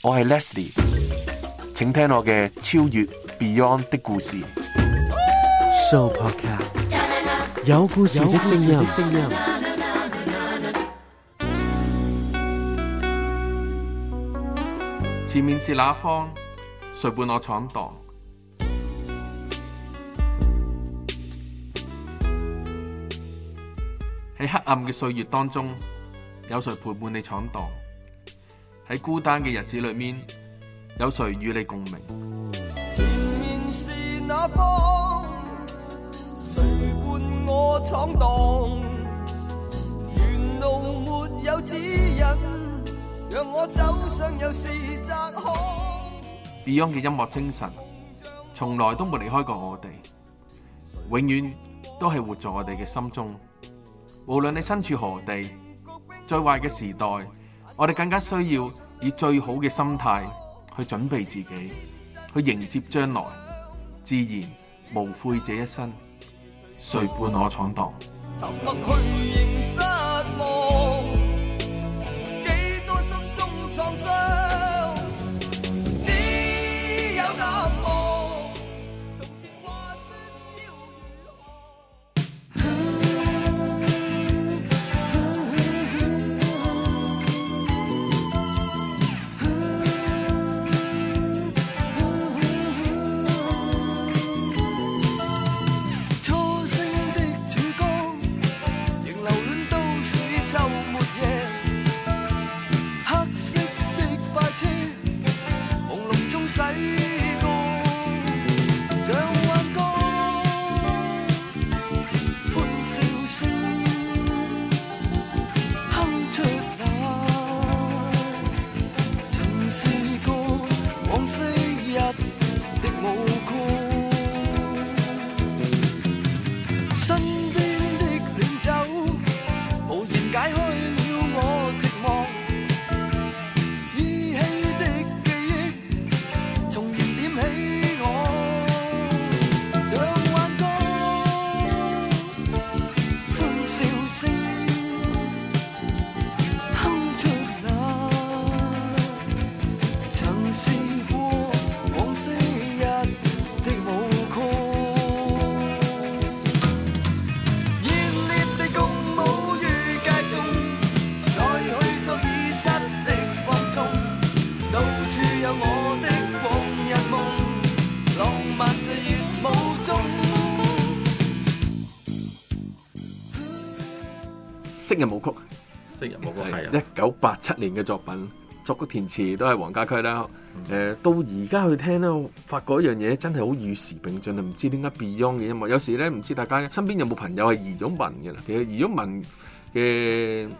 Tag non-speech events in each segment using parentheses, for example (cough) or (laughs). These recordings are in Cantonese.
我係 Leslie，請聽我嘅超越 Beyond 的故事 Show Podcast，有故事的聲音。前面是那方？誰伴我闖蕩？喺黑暗嘅歲月當中，有誰陪伴你闖蕩？喺孤單嘅日子裏面，有誰與你共鳴？前面是那方？誰伴我闖蕩？沿路沒有指引，讓我走上又是窄巷。Beyond 嘅音樂精神，從來都冇離開過我哋，永遠都係活在我哋嘅心中。無論你身處何地，最壞嘅時代。我哋更加需要以最好嘅心態去準備自己，去迎接將來。自然無悔這一生。誰伴我闖蕩？ (noise) 昔日舞曲，昔日舞曲係一九八七年嘅作品，作曲填詞都係黃家駒啦。誒、呃，到而家去聽咧，發覺一樣嘢真係好與時並進啊！唔知點解 Beyond 嘅音樂，有時咧唔知大家身邊有冇朋友係 b 咗文嘅啦。其實 b 咗文嘅。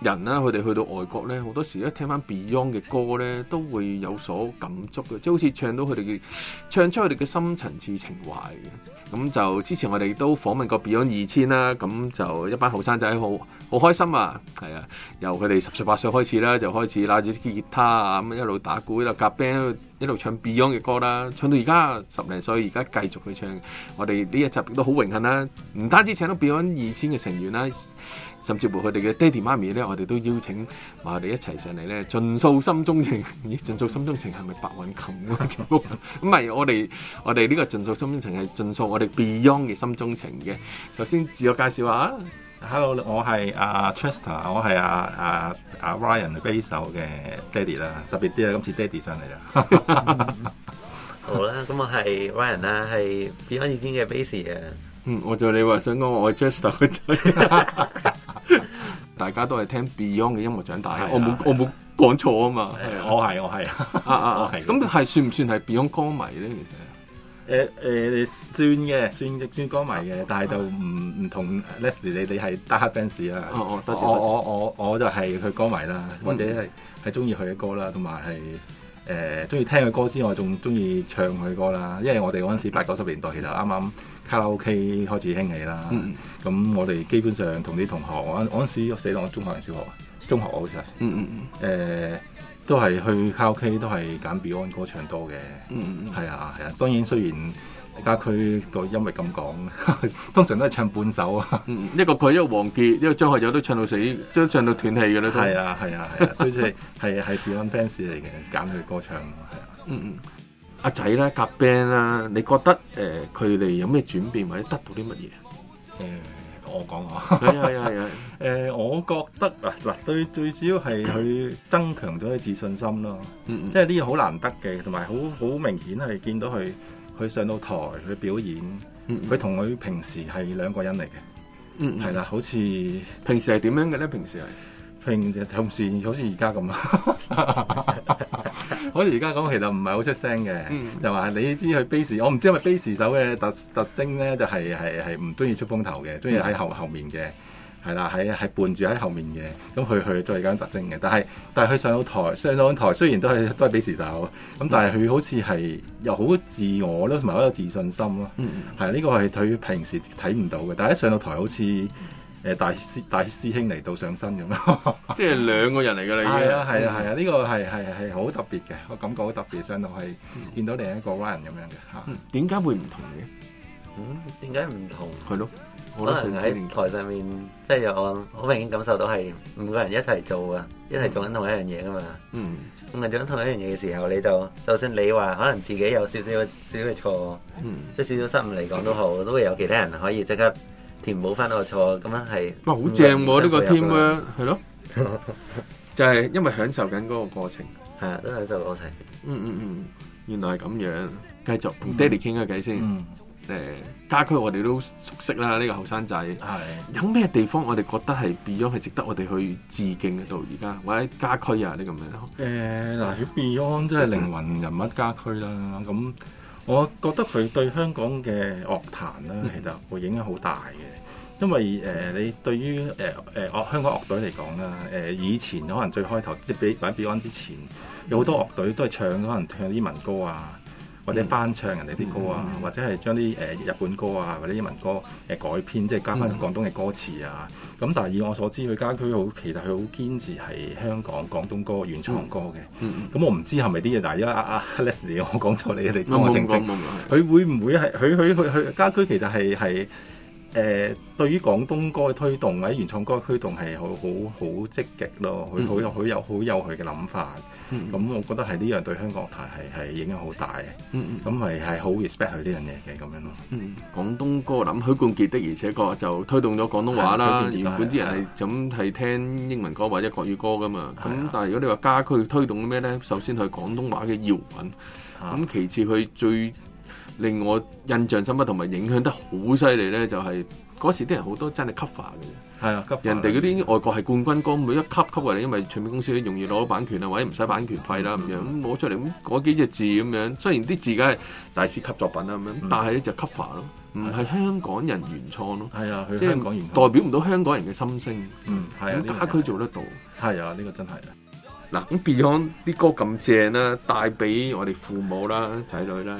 人啦，佢哋去到外國咧，好多時一聽翻 Beyond 嘅歌咧，都會有所感觸嘅，即係好似唱到佢哋嘅唱出佢哋嘅深層次情懷嘅。咁就之前我哋都訪問過 Beyond 二千啦，咁就一班後生仔好好開心啊，係啊，由佢哋十歲八歲開始啦，就開始拉住啲吉他啊咁一路打鼓一路夾 band，一路唱 Beyond 嘅歌啦，唱到而家十零歲，而家繼續去唱。我哋呢一集亦都好榮幸啦，唔單止請到 Beyond 二千嘅成員啦。甚至乎佢哋嘅爹哋媽咪咧，我哋都邀請埋我哋一齊上嚟咧，盡訴心中情。咦，盡訴心中情係咪白韻琴嗰隻歌？唔 (laughs) 係，我哋我哋呢個盡訴心中情係盡訴我哋 Beyond 嘅心中情嘅。首先自我介紹下，Hello，我係阿 Trista，我係阿阿阿 Ryan 嘅 Bass 嘅爹哋啦，特別啲啦，今次爹哋上嚟啊。 (laughs) (laughs) 好啦，咁我係 Ryan 啦，係 Beyond 以前嘅 Bass 啊。 (laughs) 嗯，我做你話想講我係 Trista 大家都係聽 Beyond 嘅音樂長大，我冇我冇講錯啊嘛！我係我係啊啊！我係咁係算唔算係 Beyond 歌迷咧？其實誒誒算嘅，算算歌迷嘅，但係就唔唔同 Leslie 你你係 Dark Fans 啊。多謝我我我我就係佢歌迷啦，或者係係中意佢嘅歌啦，同埋係誒中意聽佢歌之外，仲中意唱佢歌啦。因為我哋嗰陣時八九十年代其實啱啱卡拉 O、OK、K 開始興起啦，咁、嗯嗯嗯、我哋基本上同啲同學，我我嗰陣時死咯，中學定小學啊？中學我好似係，誒、嗯嗯嗯嗯、都係去卡拉 O、OK, K 都係揀 Beyond 歌唱多嘅。係啊係啊，當然雖然家佢個音域咁廣，通常都係唱半首啊，一個佢一個王傑，一個張學友都唱到死，都唱到斷氣嘅啦，係啊係啊係啊，都係係係 Beyond fans 嚟嘅，揀佢歌唱係啊，嗯嗯。嗯。阿仔啦，夾 band 啦，你覺得誒佢哋有咩轉變或者得到啲乜嘢？誒、呃，我講下。係啊係啊誒，我覺得嗱，對，最最主要係佢增強咗佢自信心咯。即係呢個好難得嘅，同埋好好明顯係見到佢佢上到台佢表演，佢同佢平時係兩個人嚟嘅。嗯，嗯，係啦，好似平時係點樣嘅咧？平時係。平時好似而家咁，好似而家講，其實唔係好出聲嘅、嗯，又話你知佢 base，我唔知係咪 base 手嘅特特徵咧，就係係係唔中意出風頭嘅，中意喺後後面嘅，係啦，喺喺伴住喺後面嘅，咁佢去佢再咁特徵嘅，但係但係佢上到台上到台，上上台雖然都係都係 base 手，咁但係佢好似係又好自我咯，同埋好有自信心咯，係呢、嗯嗯呢個係佢平時睇唔到嘅，但係一上到台好似。誒，大師大師兄嚟到上身咁咯，即係兩個人嚟嘅啦，係啊係啊係啊，呢個係係係好特別嘅，我感覺好特別，上到係見到另一個灣人咁樣嘅嚇。點解會唔同嘅？嗯，點解唔同？係咯，可能喺台上面，即係我好明顯感受到係五個人一齊做啊，一齊做緊同一樣嘢啊嘛。嗯，做緊同一樣嘢嘅時候，你就就算你話可能自己有少少少嘅錯，即係少少失誤嚟講都好，都會有其他人可以即刻。填補翻我個錯，咁樣係哇，好正喎！呢個 team 咧，係咯，就係因為享受緊嗰個過程，係啊，都享受過程。嗯嗯嗯，原來係咁樣，繼續同爹哋傾下偈先。誒，家駒我哋都熟悉啦，呢個後生仔。係。有咩地方我哋覺得係 Beyond 係值得我哋去致敬嘅到而家？或者家駒啊，呢咁樣。誒嗱，啲 Beyond 真係靈魂人物家駒啦，咁。我覺得佢對香港嘅樂壇咧、啊，其實會影響好大嘅，因為誒、呃、你對於誒誒樂香港樂隊嚟講啦，誒、呃、以前可能最開頭即係比揾 Beyond 之前，有好多樂隊都係唱可能唱英文歌啊。或者翻唱人哋啲歌,、嗯呃、歌啊，或者係將啲誒日本歌啊或者英文歌誒、呃、改編，即係加翻廣東嘅歌詞啊。咁、嗯、但係以我所知，佢家居好，其實佢好堅持係香港廣東歌原創歌嘅。咁、嗯嗯、我唔知係咪啲嘢。但係因為啊 Leslie 我講錯你，你幫我證證。佢、嗯嗯、會唔會係佢佢佢佢家駒其實係係。誒對於廣東歌推動喺原創歌嘅推動係好好好積極咯，佢好有好有好有佢嘅諗法，咁我覺得係呢樣對香港樂壇係係影響好大嘅，咁咪係好 respect 佢呢樣嘢嘅咁樣咯。嗯，廣東歌諗許冠傑的，而且確就推動咗廣東話啦。原本啲人係就咁係聽英文歌或者國語歌㗎嘛。咁但係如果你話家駒推動咩呢，首先佢廣東話嘅搖滾，咁其次佢最。令我印象深刻同埋影響得好犀利咧，就係、是、嗰時啲人好多真係 cover 嘅，係啊人哋嗰啲外國係冠軍歌，每、嗯、一級級嚟，因為唱片公司都容易攞到版權啊，或者唔使版權費啦咁、嗯、樣，咁攞出嚟咁改幾隻字咁樣。雖然啲字梗係大師級作品啦咁樣，但係咧就是 cover 咯、嗯，唔係香港人原創咯，係啊，即係代表唔到香港人嘅心聲，嗯，咁、啊嗯、家駒做得到，係啊，呢、這個真係嗱咁 Beyond 啲歌咁正啦，帶俾我哋父母啦、仔女啦。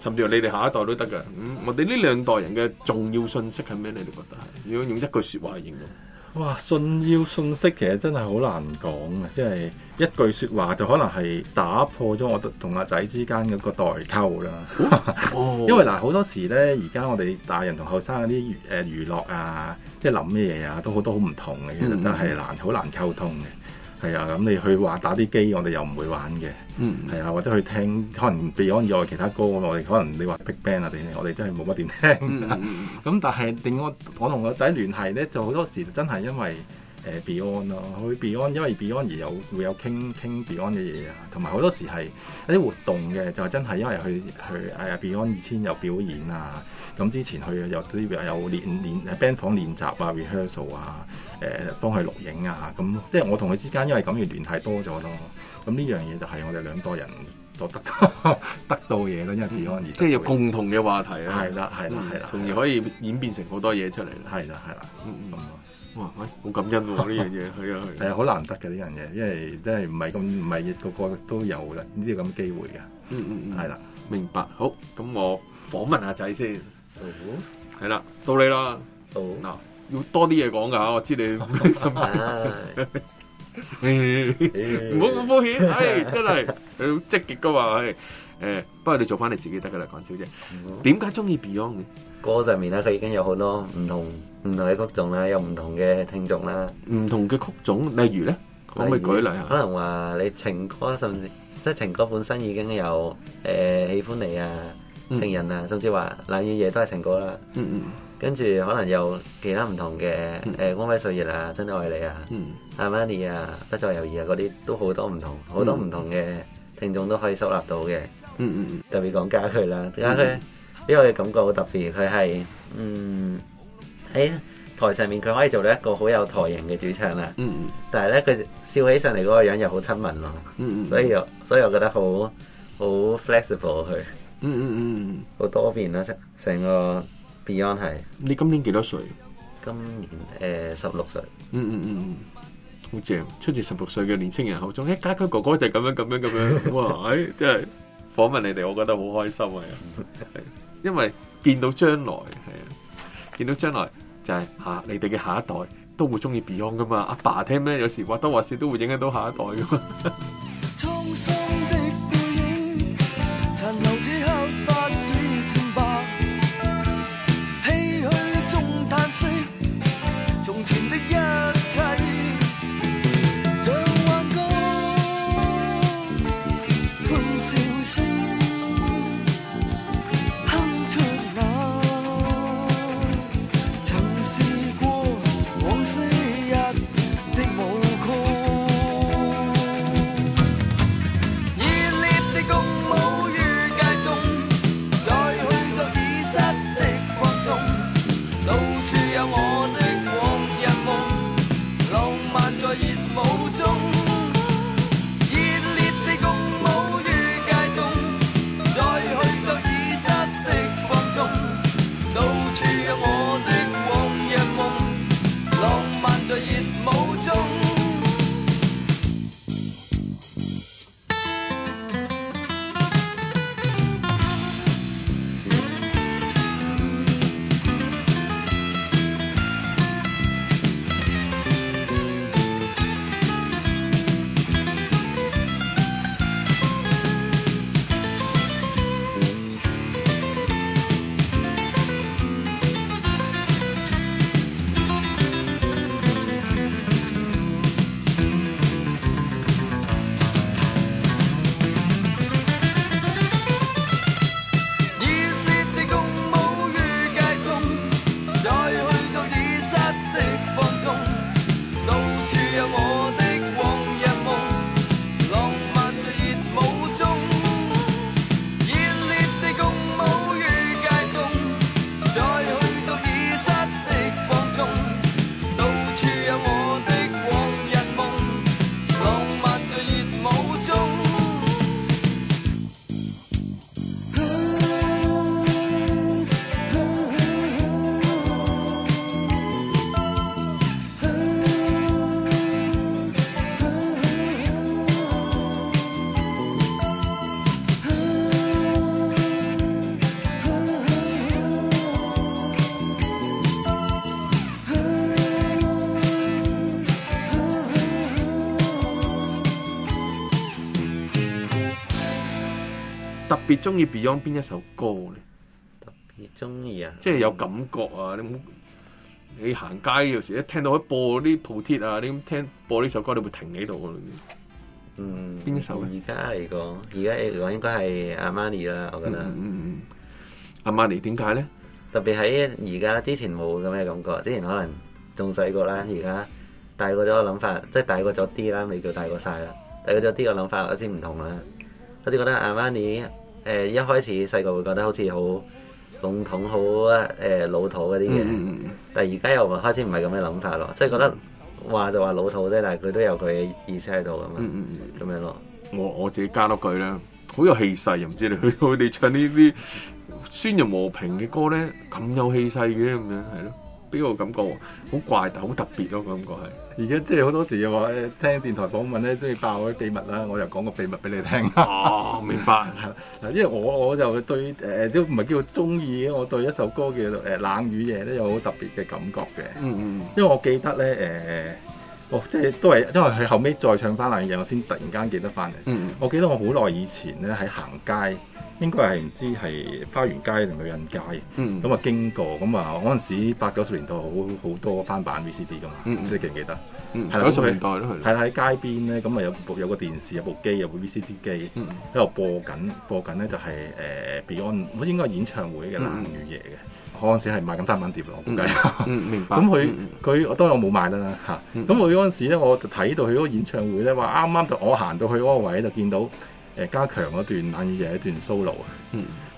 甚至你哋下一代都得㗎。嗯，我哋呢兩代人嘅重要信息係咩？你哋覺得係如果用一句説話去形容？哇！信要信息其實真係好難講嘅，即係一句説話就可能係打破咗我同阿仔之間嗰個代溝啦。哦， (laughs) 因為嗱好多時咧，而家我哋大人同後生嗰啲誒娛樂啊，即係諗咩嘢啊，都好多好唔同嘅，其實真係難好難溝通嘅。係啊，咁你去話打啲機，我哋又唔會玩嘅。係啊、嗯，或者去聽，可能 Beyond 以外其他歌，我哋可能你話 Big Bang 啊定係，我哋真係冇乜點聽。咁、嗯、 (laughs) 但係點解我同個仔聯繫咧？就好多時真係因為。誒 Beyond 咯，去 Beyond，因為 Beyond 有會有傾傾 Beyond 嘅嘢啊，同埋好多時係一啲活動嘅，就係、真係因為去去誒 Beyond 二千有表演啊，咁之前去又都有練練 band 房練習啊 rehearsal 啊，誒幫佢錄影啊，咁、啊嗯、即係我同佢之間因為咁而聯繫多咗咯，咁呢樣嘢就係我哋兩個人都得得到嘢啦，因為 Beyond 而即係有共同嘅話題啦，係啦係啦係啦，從而可以演變成好多嘢出嚟啦，係啦係啦，嗯嗯。哇！好感恩呢樣嘢，係啊係。係啊，好難得嘅呢樣嘢，因為真係唔係咁，唔係個個都有啦，呢啲咁機會嘅。嗯嗯嗯。係啦，明白。好，咁我訪問阿仔先。係啦，到你啦。哦。嗱，要多啲嘢講噶，我知你。唔好咁保險，係真係。你好積極噶嘛？係。誒，不過你做翻你自己得噶啦，講少啲。點解中意 Beyond 嘅歌上面咧？佢已經有好多唔同。唔同嘅曲種啦，有唔同嘅聽眾啦。唔同嘅曲種，例如咧，我咪舉例下。可能話你情歌，甚至即係情歌本身已經有誒喜歡你啊、情人啊，甚至話冷雨夜都係情歌啦。嗯嗯。跟住可能有其他唔同嘅誒光輝歲月啊、真的愛你啊、阿曼尼啊、不再猶豫啊嗰啲，都好多唔同，好多唔同嘅聽眾都可以收納到嘅。嗯嗯嗯。特別講家駒啦，家駒俾我嘅感覺好特別，佢係嗯。喺、哎、台上面佢可以做到一個好有台型嘅主唱啦、嗯，嗯嗯，但係咧佢笑起上嚟嗰個樣又好親民咯、嗯，嗯嗯，所以所以我覺得好好 flexible 佢、嗯，嗯嗯嗯好多變咯成成個 Beyond 係。你今年幾多歲？今年誒十六歲。嗯嗯嗯嗯，好正，出自十六歲嘅年輕人口中，一家駒哥哥就咁樣咁樣咁樣， (laughs) 哇！哎、真係訪問你哋，我覺得好開心啊，因為見到將來係啊，見到將來。就係吓你哋嘅下一代都會鍾意 Beyond 㗎嘛，阿爸，爸聽咩？有時或多或少都會影響到下一代㗎嘛。特別中意 Beyond 邊一首歌咧？特別中意啊！即係有感覺啊！嗯、你你行街嗰時，一聽到佢播啲鋪貼啊，你咁聽播呢首歌，你會停喺度嘅。一嗯，邊首？而家嚟講，而家嚟講應該係阿瑪尼啦，我覺得。嗯嗯嗯嗯、阿瑪尼點解咧？特別喺而家之前冇咁嘅感覺，之前可能仲細個啦。而家大個咗嘅諗法即係大個咗啲啦，未夠大個晒啦。大個咗啲，我諗法有啲唔同啦。我似覺得阿瑪尼。誒、呃，一開始細個會覺得好似好籠統、好誒、呃、老土嗰啲嘢，嗯嗯、但係而家又開始唔係咁嘅諗法咯，嗯、即係覺得話就話老土啫，但係佢都有佢嘅意思喺度噶嘛，咁、嗯嗯、樣咯。我我自己加多句啦，好有氣勢又唔知你佢哋 (laughs) 唱呢啲宣揚和平嘅歌咧，咁有氣勢嘅咁樣係咯，俾我感覺好怪但好特別咯、啊，感覺係。而家即係好多時我聽電台訪問咧，中意爆我啲秘密啦。我又講個秘密俾你聽。哦、啊，明白。 (laughs) 因為我我就對誒都唔係叫中意，我對一首歌叫做誒、呃、《冷雨夜》咧有好特別嘅感覺嘅。嗯嗯。因為我記得咧誒。呃哦，即係都係，因為喺後尾再唱翻《冷雨夜》，我先突然間記得翻嚟。嗯、我記得我好耐以前咧喺行街，應該係唔知係花園街定女人街。嗯，咁啊經過，咁啊嗰陣時八九十年代好好，好多翻版 VCD 噶嘛。嗯嗯，你係記唔記得？嗯，九十年代咯，係啦，係啦，喺街邊咧，咁啊有部有個電視，有部機，有部 VCD 機，喺度、嗯、播緊播緊咧就係、是、誒、呃、Beyond，我應該係演唱會嘅《冷雨、嗯、夜》嘅。嗰陣時係買緊單板碟我估計。Mm, mm, 明白。咁佢佢，我當然我冇買啦嚇。咁佢嗰陣時咧，我就睇到佢嗰個演唱會咧，話啱啱就我行到去嗰個位就見到誒家強嗰段冷雨夜一段 solo，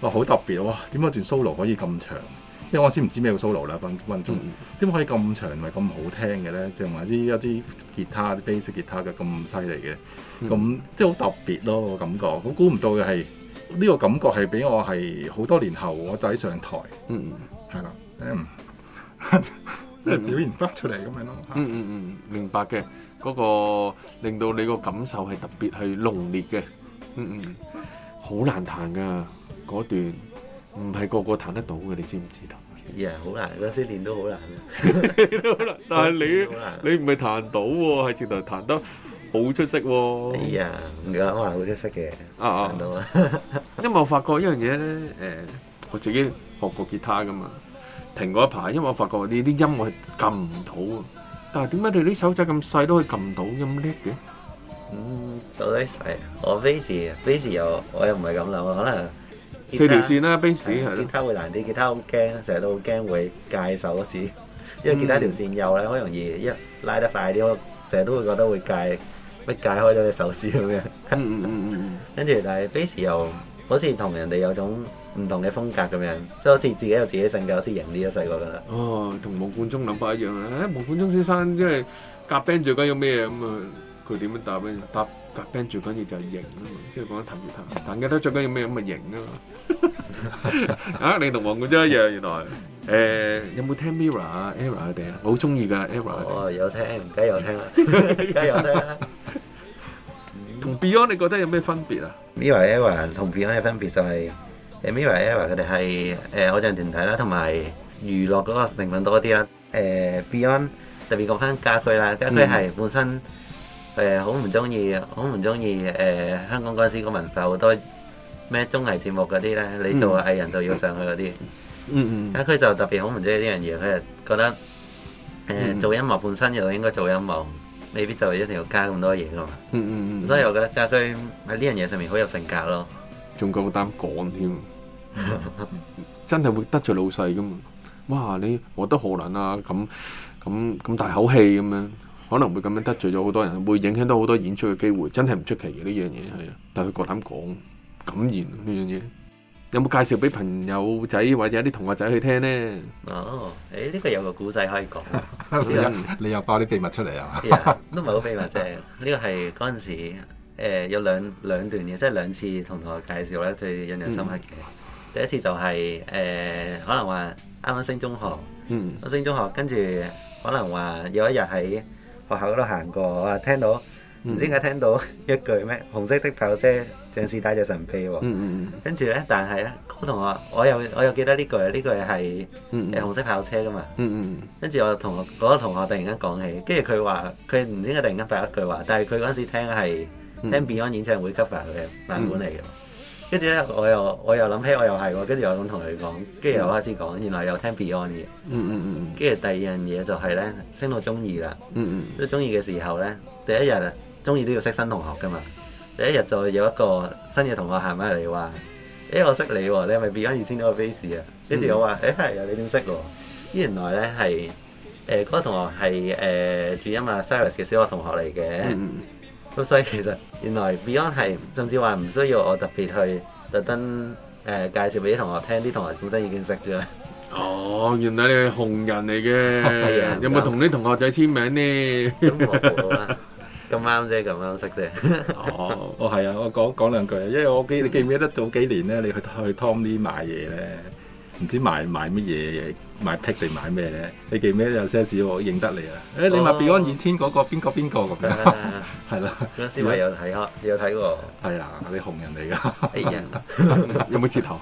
話好特別喎。點解段 solo 可以咁長？因為我先唔知咩叫 solo 啦，分分鐘。點、mm. 可以咁長，咪咁好聽嘅咧？即係話啲一啲吉他、啲 bass 吉他嘅咁犀利嘅，咁、mm. 即係好特別咯我感覺。咁估唔到嘅係。呢個感覺係俾我係好多年後，我仔上台，嗯，嗯，係啦，嗯，即係表現得出嚟咁樣咯。嗯嗯嗯，明白嘅，嗰個令到你個感受係特別係濃烈嘅，嗯嗯，好難彈噶嗰段，唔係個個彈得到嘅，你知唔知道？呀，好難，嗰啲練都好難 (laughs) (laughs) 但係你 (laughs) 你唔係彈到喎，係直頭彈得。好出色喎！哎呀，唔講可能好出色嘅，啊啊，因為我發覺一樣嘢咧，誒，我自己學過吉他㗎嘛，停過一排，因為我發覺呢啲音我係撳唔到啊，但係點解你啲手仔咁細都可以撳到咁叻嘅？嗯，手仔細，我 Bass，Bass 又我又唔係咁諗，可能四條線啦，Bass，吉他會難啲，吉他好驚，成日都好驚會戒手指，因為吉他條線幼咧，好容易一拉得快啲，我成日都會覺得會戒。咩解開咗隻手指咁樣，跟住但係 Face 又好似同人哋有種唔同嘅風格咁樣，即係好似自己有自己性格先型啲啊細個嘅。哦，同黃貫中諗法一樣啊！誒，黃貫中先生因為夾 band 最緊要咩嘢咁啊？佢點樣答？答夾 band 最緊要就係型啊嘛，即係講氹住氹，彈結他最緊要咩嘢咁啊？型啊嘛！啊，你同黃貫中一樣原來誒，有冇聽 Mirror 啊，Era 嗰啲啊？我好中意㗎，Era。哦，有聽，而家又聽啦，而家又聽啦。同 Beyond 你覺得有咩分別啊？Mirror Era 同 Beyond 嘅分別就係誒，Mirror Era 佢哋係誒偶像團體啦，同埋娛樂嗰個成分多啲啦。誒 Beyond 特別講返家駒啦，家駒係本身誒好唔鍾意，好唔鍾意誒香港嗰陣時個文化好多咩綜藝節目嗰啲咧，你做藝人就要上去嗰啲。嗯嗯。家駒就特別好唔鍾意呢樣嘢，佢就覺得誒做音樂本身就應該做音樂。未必就一定要加咁多嘢噶嘛。嗯嗯嗯、所以我覺得佢喺呢樣嘢上面好有性格咯，仲夠膽講添，真係會得罪老細噶嘛，哇你我覺得可能啊咁咁咁大口氣咁樣，可能會咁樣得罪咗好多人，會影響到好多演出嘅機會，真係唔出奇嘅，呢樣嘢係啊，但係佢夠膽講，敢言呢樣嘢。有冇介紹俾朋友仔或者啲同學仔去聽呢？哦，誒、欸、呢、這個有個古仔可以講，你又你爆啲秘密出嚟啊？ (laughs) yeah, 都唔係好秘密啫，呢、這個係嗰陣時、呃、有兩兩段嘢，即係兩次同同學介紹咧最印象深刻嘅。嗯、第一次就係、是、誒、呃、可能話啱啱升中學，啱、嗯、升中學，跟住可能話有一日喺學校嗰度行過，我話聽到唔知點解聽到一句咩紅色的跑車？鄭世泰就神秘喎、哦，跟住、嗯嗯、呢？但係呢，嗰、那個、同學我又我又記得呢句，呢句係係、嗯嗯、紅色跑車噶嘛，跟住、嗯嗯、我同我嗰、那個同學突然間講起，跟住佢話佢唔知點解突然間發一句話，但係佢嗰陣時聽係、嗯、聽 Beyond 演唱會 cover 嘅版本嚟嘅，跟住呢，我又我又諗起我又係喎，跟住我仲同佢講，跟住我開始講原來又聽 Beyond 嘅，跟住、嗯嗯嗯、第二樣嘢就係呢，升到中二啦，都、嗯嗯、中二嘅時候呢，第一日中二都要識新同學噶嘛。第一日就有一個新嘅同學行返嚟話，誒我識你喎，你係咪 Beyond 二千多個 fans 啊？跟住我話，誒係啊，你點識㗎？原來咧係誒嗰個同學係誒主音啊，Sarris 嘅小學同學嚟嘅。咁所以其實原來 Beyond 係甚至話唔需要我特別去特登誒介紹俾啲同學聽，啲同學本身已經識嘅。哦，原來你係紅人嚟嘅，有冇同啲同學仔簽名呢？咁啱啫，咁啱識啫。哦，我係啊，我講講兩句。啊。因為我記，嗯、你記唔記得早幾年咧，你去去 Tom Lee 買嘢咧，唔知買買乜嘢，嘢，買 Pick 定買咩咧、哦哎？你記唔記得有 sales 我認得你啊？誒，你買 Beyond 二千嗰個邊個邊個咁樣？係啦。啲師傅有睇啊，麼有睇過。係啊，你紅人嚟㗎。哎有冇折頭？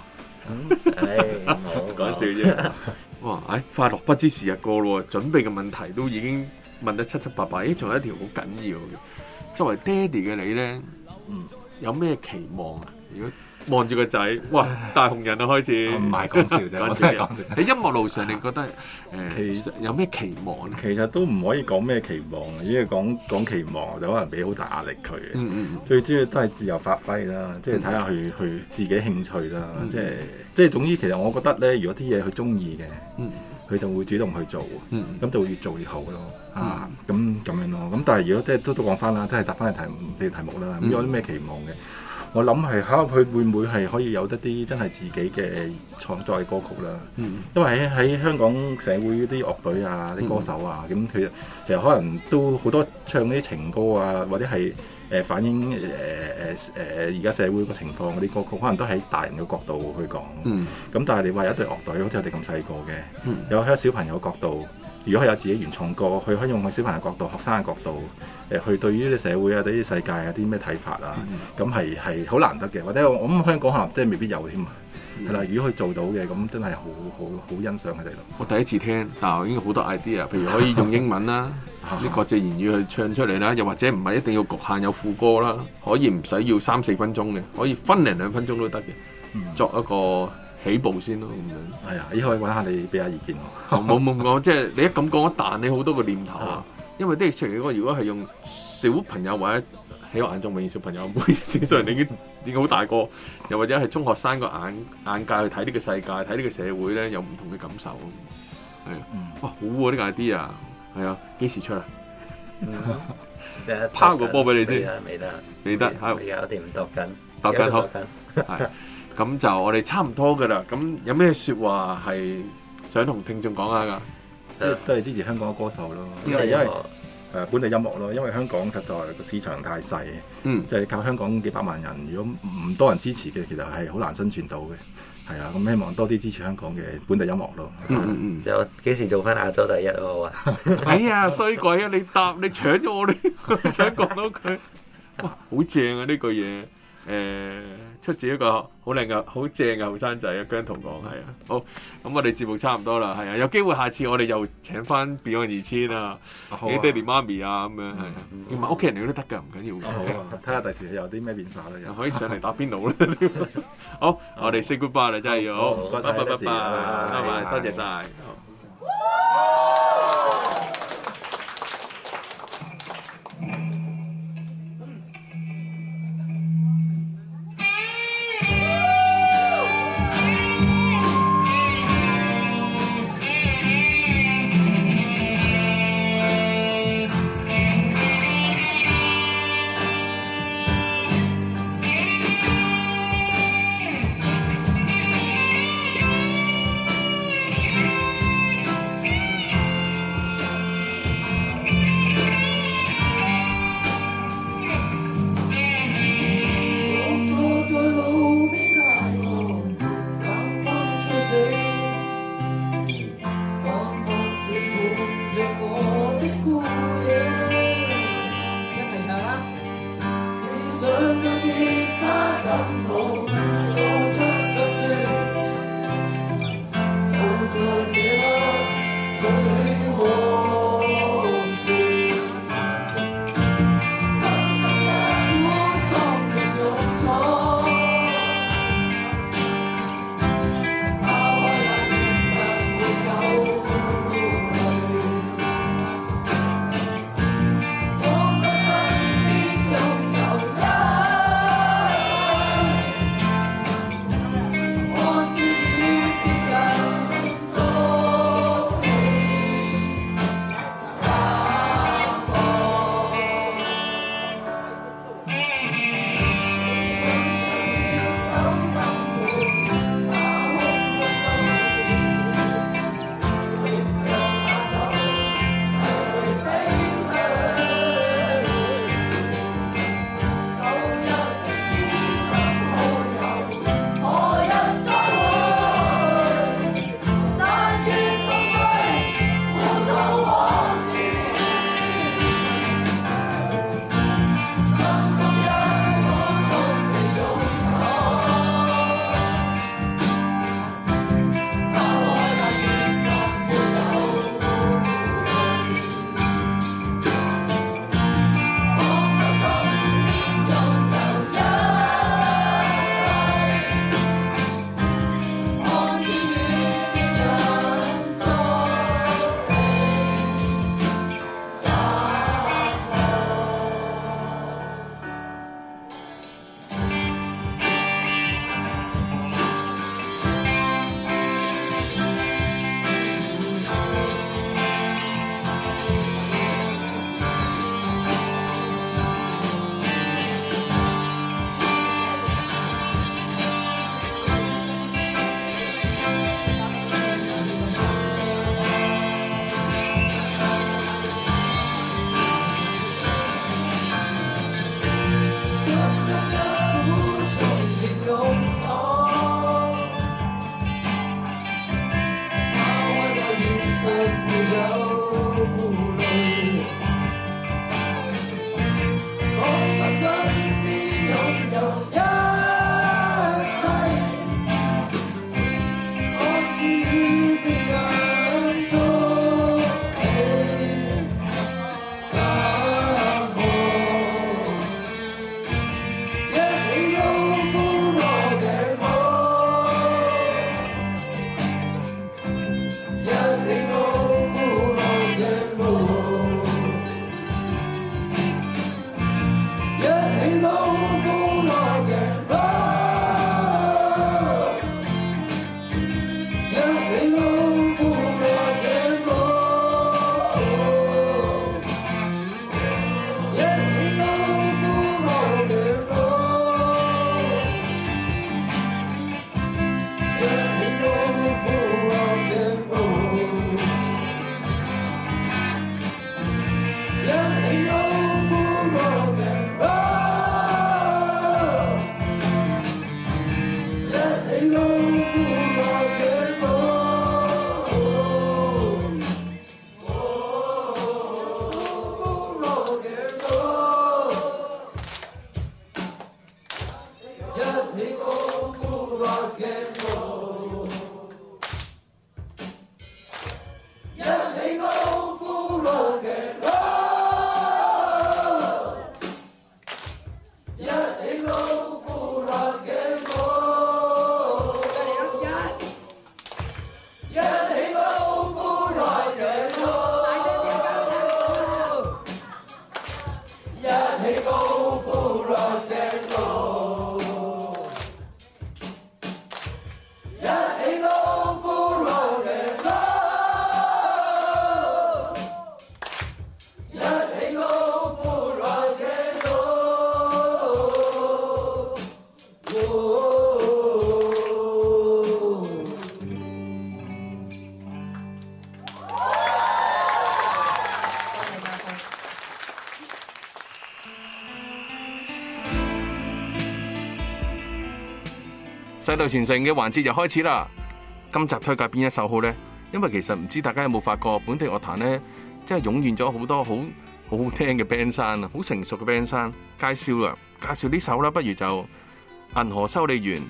唉，冇講笑啫。 (laughs) (laughs) 哇！唉、哎，快樂不知時日過咯喎，準備嘅問題都已經問得七七八八，咦？仲有一條好緊要嘅，作為爹哋嘅你咧，嗯，有咩期望啊？如果望住個仔，哇！大紅人都開始唔係講笑啫，講笑。喺音樂路上，你覺得誒，其實有咩期望咧？其實都唔可以講咩期望，因為講講期望就可能俾好大壓力佢嘅。嗯嗯，最主要都係自由發揮啦，即係睇下佢佢自己興趣啦，即係即係總之，其實我覺得咧，如果啲嘢佢中意嘅，嗯。佢就會主動去做，咁、嗯、就會越做越好咯，嗯、啊，咁咁樣咯。咁但係如果即係都都講翻啦，即係答翻你題目啦。咁有啲咩期望嘅？我諗係嚇，佢會唔會係可以有得啲真係自己嘅創作嘅歌曲啦？嗯、因為喺喺香港社會啲樂隊啊、啲歌手啊，咁、嗯、佢其實可能都好多唱啲情歌啊，或者係。誒、呃、反映誒誒誒而家社會情況、這個情況嗰啲歌曲，可能都喺大人嘅角度去講。嗯。咁但係你話有一隊樂隊，好似我哋咁細個嘅，嗯、有喺小朋友角度，如果係有自己原創歌，佢可以用個小朋友角度、學生嘅角度，誒、呃、去對於呢個社會啊、對於世界有啲咩睇法啊，咁係係好難得嘅。或者我諗香港可能真係未必有添啊。係啦，嗯、如果佢做到嘅，咁真係好好好欣賞佢哋咯。我第一次聽，但我已經好多 idea，譬如可以用英文啦。 (laughs) (laughs) 啲國際言語去唱出嚟啦，又或者唔係一定要局限有副歌啦，可以唔使要三四分鐘嘅，可以分零兩分鐘都得嘅，作一個起步先咯咁、嗯、樣。係啊、哎，呢可以揾下你俾下意見喎。冇冇冇，即係你一咁講一彈，你好多個念頭啊。嗯、因為啲小朋友如果係用小朋友或者喺我眼中永遠小朋友，唔好意思，雖然你已經 (laughs) 已經好大個，又或者係中學生個眼眼界去睇呢個世界，睇呢個社會咧，有唔同嘅感受。係啊、嗯，哇，好喎啲、這個、idea！係啊，幾時出啊？拋個波俾你先，未得，未得，而家我哋唔讀緊，讀緊，讀緊，係咁就我哋差唔多噶啦。咁有咩說話係想同聽眾講下噶？都都係支持香港嘅歌手咯，因為因為誒本地音樂咯，因為香港實在個市場太細，嗯，即係靠香港幾百萬人，如果唔多人支持嘅，其實係好難生存到嘅。係啊，咁希望多啲支持香港嘅本地音樂咯。嗯嗯嗯，就幾、嗯、時做翻亞洲第一我、啊、話，啊、 (laughs) 哎呀衰鬼啊！你答你搶咗我，你 (laughs) (laughs) 想講到佢？哇，好正啊呢句嘢！這個誒出自一個好靚嘅、好正嘅後生仔啊，姜濤講。係啊，好咁我哋節目差唔多啦，係啊，有機會下次我哋又請翻 Beyond 二千啊，啲爹哋媽咪啊咁樣係，同埋屋企人嗰啲得㗎，唔緊要，好啊，睇下第時有啲咩變化啦，又可以上嚟打邊爐啦，好，我哋 say goodbye 啦，真係要，好，拜拜，拜拜，拜拜，多謝晒。世代傳承嘅環節就開始啦！今集推介邊一首好咧？因為其實唔知大家有冇發覺，本地樂壇咧，即係湧現咗好多好好好聽嘅 band 山啊，好成熟嘅 band 山。介紹啦，介紹呢首啦，不如就《銀河修理員》。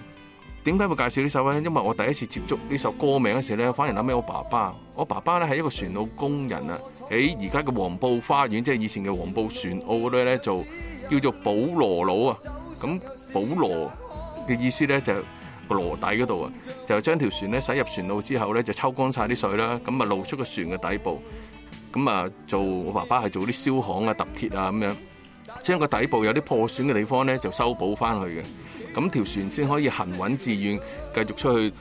點解會介紹呢首咧？因為我第一次接觸呢首歌名嘅時候咧，反而諗起我爸爸。我爸爸咧係一個船澳工人啊，喺而家嘅黃埔花園，即係以前嘅黃埔船澳嗰度咧，就叫做保羅佬啊。咁保羅嘅意思咧就是、～螺底度啊，就將條船咧駛入船路之後咧，就抽乾晒啲水啦，咁啊露出個船嘅底部，咁啊做我爸爸係做啲燒焊啊、揼鐵啊咁樣，將個底部有啲破損嘅地方咧就修補翻去嘅，咁條船先可以行穩致遠，繼續出去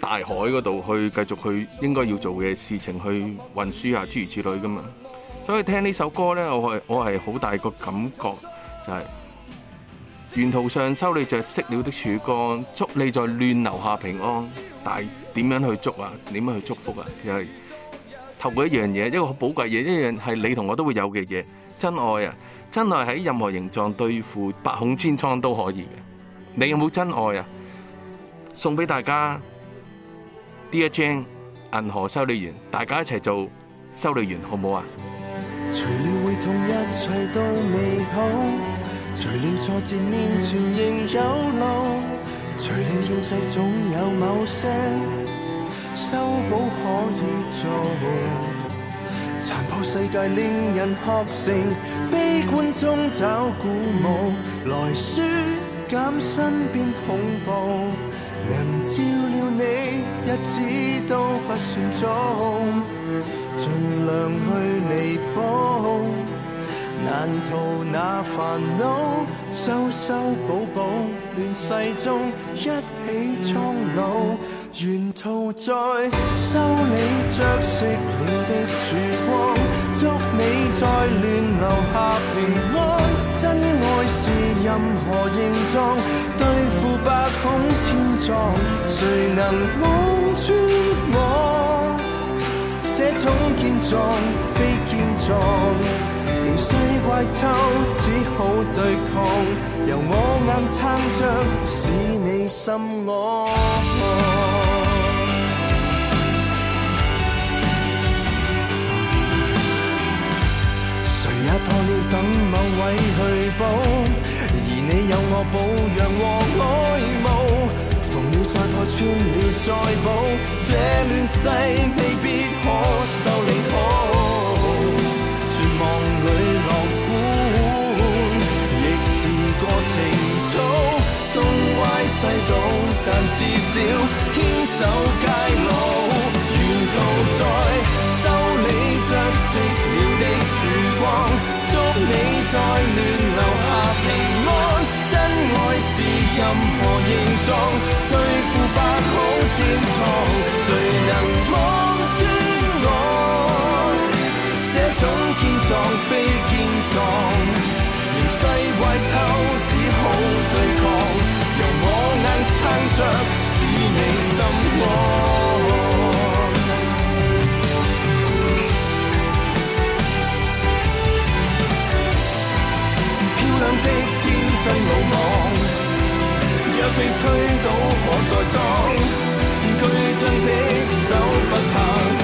大海嗰度去繼續去應該要做嘅事情去運輸啊，諸如此類噶嘛，所以聽呢首歌咧，我係我係好大個感覺就係、是。沿途上修理着熄了的曙光，祝你在亂流下平安。但係點樣去祝啊？點樣去祝福啊？又係透過一樣嘢，一個好寶貴嘢，一樣係你同我都會有嘅嘢。真愛啊，真愛喺任何形狀對付百孔千瘡都可以嘅。你有冇真愛啊？送俾大家 Dear Jane 銀河修理員，大家一齊做修理員，好唔好啊？除了挫折面前仍有路，除了厭世，總有某些修補可以做。殘破世界令人學成，悲觀中找鼓舞，來舒減身邊恐怖。能照料你，日子都不算糟，盡量去彌補。難逃那煩惱，修修補補，亂世中一起蒼老。沿途在修理着熄了的曙光，祝你再亂流下平安。真愛是任何形狀，對付百孔千瘡，誰能望住我這種見狀非見狀？最一怪偷只好對抗。由我硬撐着，使你心安。誰也破了，等某位去補。而你有我保養和愛慕縫了再破，穿了再補。這亂世未必可受，寧可。對付百孔千瘡，誰能望穿我這種堅壯非堅壯？形勢壞透，只好對抗，由我硬撐著，使你心安。若被推倒，可再裝。巨掌的手不怕。